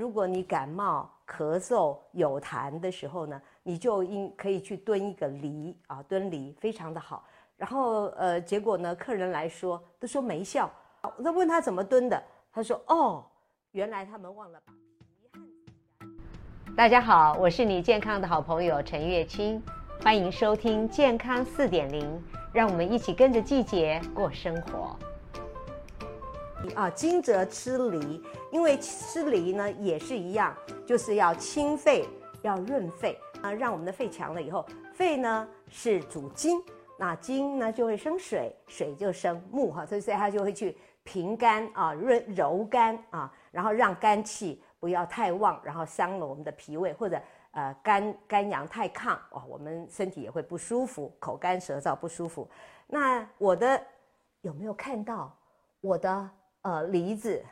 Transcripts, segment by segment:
如果你感冒、咳嗽，有痰的時候呢，你就應可以去燉一個梨啊，燉梨非常的好。然後呃，結果呢，客人來說都說沒效啊。我問他怎麼燉的，他說哦，原來他們忘了把……大家好，我是你健康的好朋友陳月卿，歡迎收聽《健康四點零》，讓我們一起跟着季節過生活。啊，驚蟄吃梨，因為吃梨呢也是一樣，就是要清肺，要潤肺啊，讓我們的肺強了以後，肺呢是主金，那金呢就會生水，水就生木哈，啊，所以它就會去平肝啊，潤揉肝啊，然後讓肝氣不要太旺，然後傷了我們的脾胃或者呃肝肝陽太亢哦，我們身體也會不舒服，口乾舌燥不舒服。那我的有沒有看到我的？呃，梨子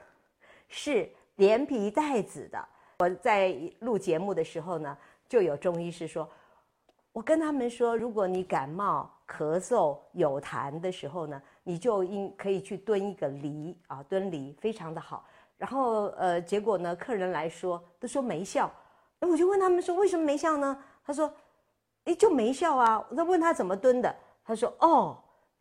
是連皮帶籽的。我在錄節目的時候呢，就有中醫師說，我跟他們說，如果你感冒咳嗽有痰的時候呢，你就應可以去燉一個梨啊，燉梨非常的好。然後呃，結果呢，客人來說都說沒效，我就問他們說，為什麼沒效呢？他說，哎，就沒效啊。那問他怎麼燉的，他說，哦。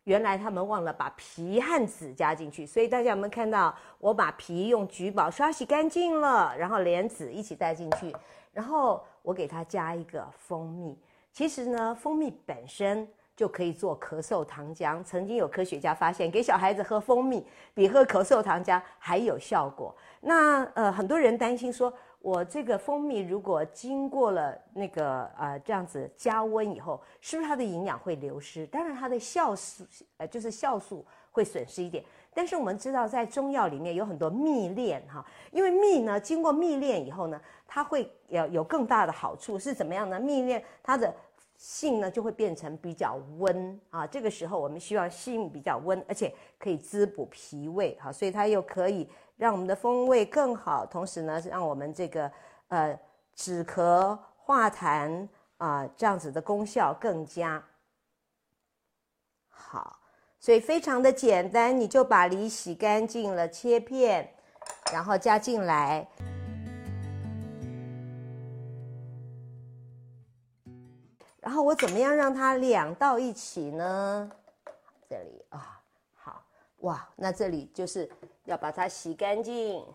原來他們忘了把皮和籽加進去，所以大家有沒有看到，我把皮用橘寶刷洗乾淨了，然後連籽一起帶進去，然後我給它加一個蜂蜜。其實呢，蜂蜜本身就可以做咳嗽糖漿。曾經有科學家發現，給小孩子喝蜂蜜比喝咳嗽糖漿還有效果。那呃，很多人擔心說，我這個蜂蜜如果經過了那個呃這樣子加溫以後，是不是它的營養會流失？當然它的酵素，呃就是酵素會損失一點。但是我們知道在中藥裡面有很多蜜煉哈，因為蜜呢經過蜜煉以後呢，它會有更大的好處是怎麼樣呢？蜜煉它的。性呢就會變成比較溫啊，這個時候我們希望性比較溫，而且可以滋補脾胃哈，所以它又可以讓我們的風味更好，同時呢讓我們這個呃止咳化痰啊、呃、這樣子的功效更加好，所以非常的簡單，你就把梨洗乾淨了，切片，然後加進來。然後我怎麼樣讓它兩到一起呢？這裡啊，哦，好哇，那這裡就是要把它洗乾淨。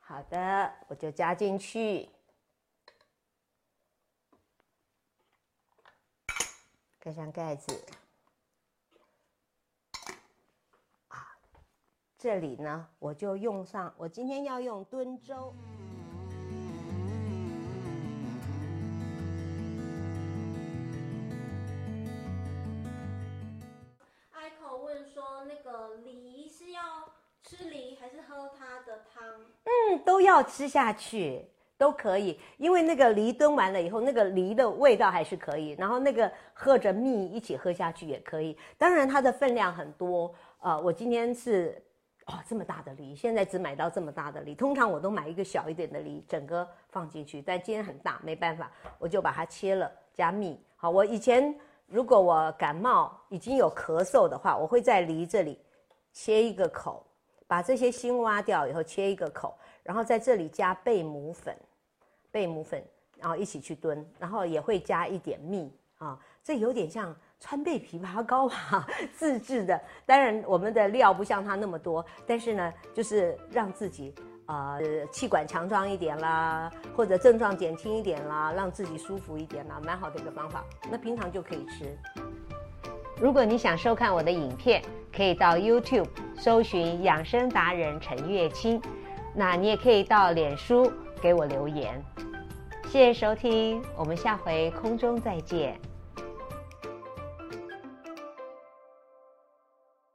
好的，我就加進去，蓋上蓋子。這裡呢，我就用上。我今天要用燉粥。Aiko 問說：“那個梨是要吃梨還是喝它的湯？”嗯，都要吃下去，都可以。因為那個梨燉完了以後，那個梨的味道還是可以。然後那個喝着蜜一起喝下去也可以。當然，它的分量很多。呃，我今天是。哦，這麼大的梨，現在只買到這麼大的梨。通常我都買一個小一點的梨，整個放進去。但今天很大，沒辦法，我就把它切了，加蜜。好，我以前如果我感冒已經有咳嗽的話，我會在梨這裡切一個口，把這些芯挖掉以後切一個口，然後在這裡加貝母粉、貝母粉，然後一起去燉，然後也會加一點蜜啊，哦，這有點像。川貝枇杷膏啊，自製的，當然我們的料不像它那麼多，但是呢，就是讓自己呃氣管強壯一點啦，或者症狀減輕一點啦，讓自己舒服一點啦，蠻好的一個方法。那平常就可以吃。如果你想收看我的影片，可以到 YouTube 搜尋“養生達人陳月卿”，那你也可以到臉書給我留言。謝謝收聽，我們下回空中再見。